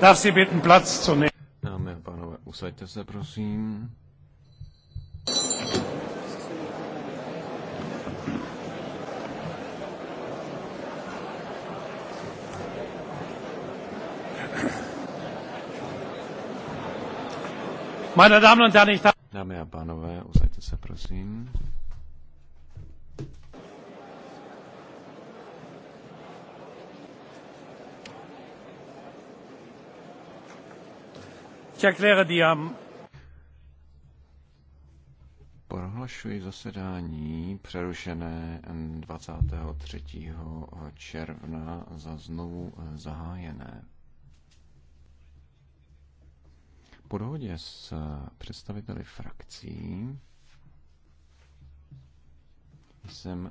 Darf Sie bitten, Platz zu nehmen. Dámy a pánové, usaďte se, prosím. Meine Damen und Herren, ich Dámy a pánové, usaďte se, prosím. Prohlašuji zasedání přerušené 23. června za znovu eh, zahájené. Po dohodě s eh, představiteli frakcí jsem